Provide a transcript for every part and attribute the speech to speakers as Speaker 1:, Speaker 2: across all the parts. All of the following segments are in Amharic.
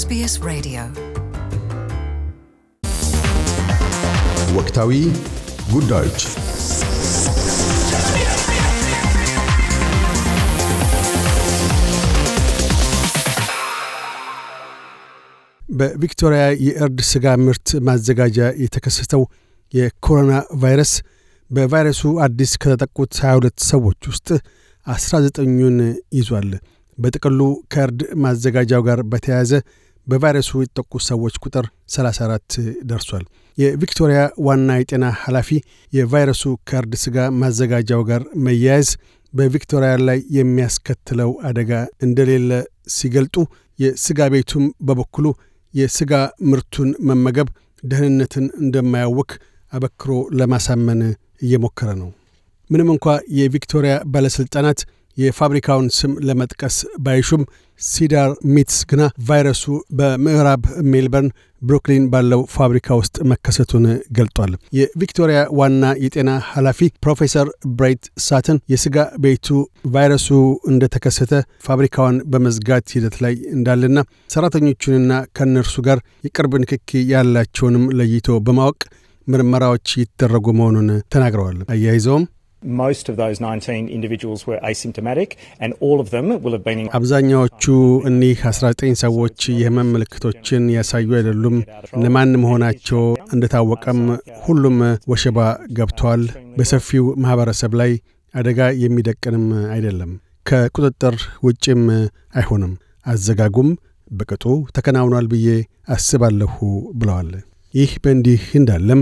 Speaker 1: SBS Radio. ወቅታዊ ጉዳዮች በቪክቶሪያ የእርድ ሥጋ ምርት ማዘጋጃ የተከሰተው የኮሮና ቫይረስ በቫይረሱ አዲስ ከተጠቁት 22 ሰዎች ውስጥ 19ኙን ይዟል። በጥቅሉ ከእርድ ማዘጋጃው ጋር በተያያዘ በቫይረሱ የተጠቁ ሰዎች ቁጥር 34 ደርሷል። የቪክቶሪያ ዋና የጤና ኃላፊ የቫይረሱ ከእርድ ሥጋ ማዘጋጃው ጋር መያያዝ በቪክቶሪያ ላይ የሚያስከትለው አደጋ እንደሌለ ሲገልጡ፣ የሥጋ ቤቱም በበኩሉ የሥጋ ምርቱን መመገብ ደህንነትን እንደማያውክ አበክሮ ለማሳመን እየሞከረ ነው። ምንም እንኳ የቪክቶሪያ ባለሥልጣናት የፋብሪካውን ስም ለመጥቀስ ባይሹም ሲዳር ሚትስ ግና ቫይረሱ በምዕራብ ሜልበርን ብሩክሊን ባለው ፋብሪካ ውስጥ መከሰቱን ገልጧል። የቪክቶሪያ ዋና የጤና ኃላፊ ፕሮፌሰር ብራይት ሳትን የስጋ ቤቱ ቫይረሱ እንደተከሰተ ፋብሪካዋን በመዝጋት ሂደት ላይ እንዳለና ሰራተኞቹንና ከእነርሱ ጋር የቅርብ ንክኪ ያላቸውንም ለይቶ በማወቅ ምርመራዎች ይደረጉ መሆኑን ተናግረዋል። አያይዘውም አብዛኛዎቹ እኒህ 19 ሰዎች የህመም ምልክቶችን ያሳዩ አይደሉም። እነማን መሆናቸው እንደታወቀም ሁሉም ወሸባ ገብተዋል። በሰፊው ማህበረሰብ ላይ አደጋ የሚደቅንም አይደለም። ከቁጥጥር ውጭም አይሆንም። አዘጋጉም በቅጡ ተከናውኗል ብዬ አስባለሁ ብለዋል። ይህ በእንዲህ እንዳለም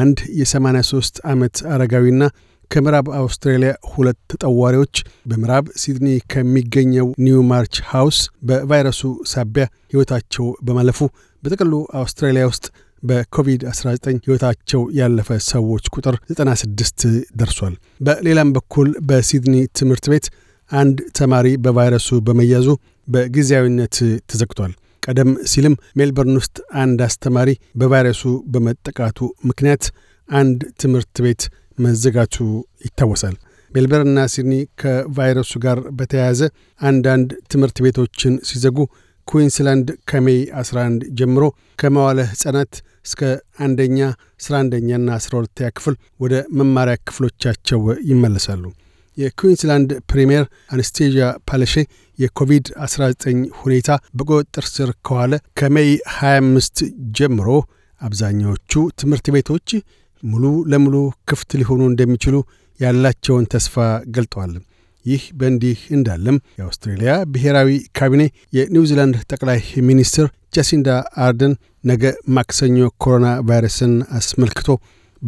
Speaker 1: አንድ የ83 ዓመት አረጋዊና ከምዕራብ አውስትራሊያ ሁለት ተጠዋሪዎች በምዕራብ ሲድኒ ከሚገኘው ኒው ማርች ሃውስ በቫይረሱ ሳቢያ ሕይወታቸው በማለፉ በጥቅሉ አውስትራሊያ ውስጥ በኮቪድ-19 ሕይወታቸው ያለፈ ሰዎች ቁጥር 96 ደርሷል። በሌላም በኩል በሲድኒ ትምህርት ቤት አንድ ተማሪ በቫይረሱ በመያዙ በጊዜያዊነት ተዘግቷል። ቀደም ሲልም ሜልበርን ውስጥ አንድ አስተማሪ በቫይረሱ በመጠቃቱ ምክንያት አንድ ትምህርት ቤት መዘጋቱ ይታወሳል። ሜልበርንና ሲድኒ ከቫይረሱ ጋር በተያያዘ አንዳንድ ትምህርት ቤቶችን ሲዘጉ ኩዊንስላንድ ከሜይ 11 ጀምሮ ከመዋለ ሕፃናት እስከ አንደኛ 11ኛና 12ኛ ክፍል ወደ መማሪያ ክፍሎቻቸው ይመለሳሉ። የኩዊንስላንድ ፕሪምየር አነስቴዥያ ፓለሼ የኮቪድ-19 ሁኔታ በቁጥጥር ስር ከዋለ ከሜይ 25 ጀምሮ አብዛኛዎቹ ትምህርት ቤቶች ሙሉ ለሙሉ ክፍት ሊሆኑ እንደሚችሉ ያላቸውን ተስፋ ገልጠዋል። ይህ በእንዲህ እንዳለም የአውስትሬልያ ብሔራዊ ካቢኔ የኒውዚላንድ ጠቅላይ ሚኒስትር ጃሲንዳ አርደን ነገ ማክሰኞ ኮሮና ቫይረስን አስመልክቶ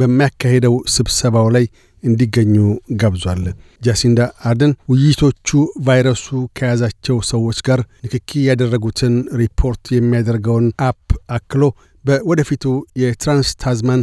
Speaker 1: በሚያካሄደው ስብሰባው ላይ እንዲገኙ ጋብዟል። ጃሲንዳ አርደን ውይይቶቹ ቫይረሱ ከያዛቸው ሰዎች ጋር ንክኪ ያደረጉትን ሪፖርት የሚያደርገውን አፕ አክሎ በወደፊቱ የትራንስ ታዝማን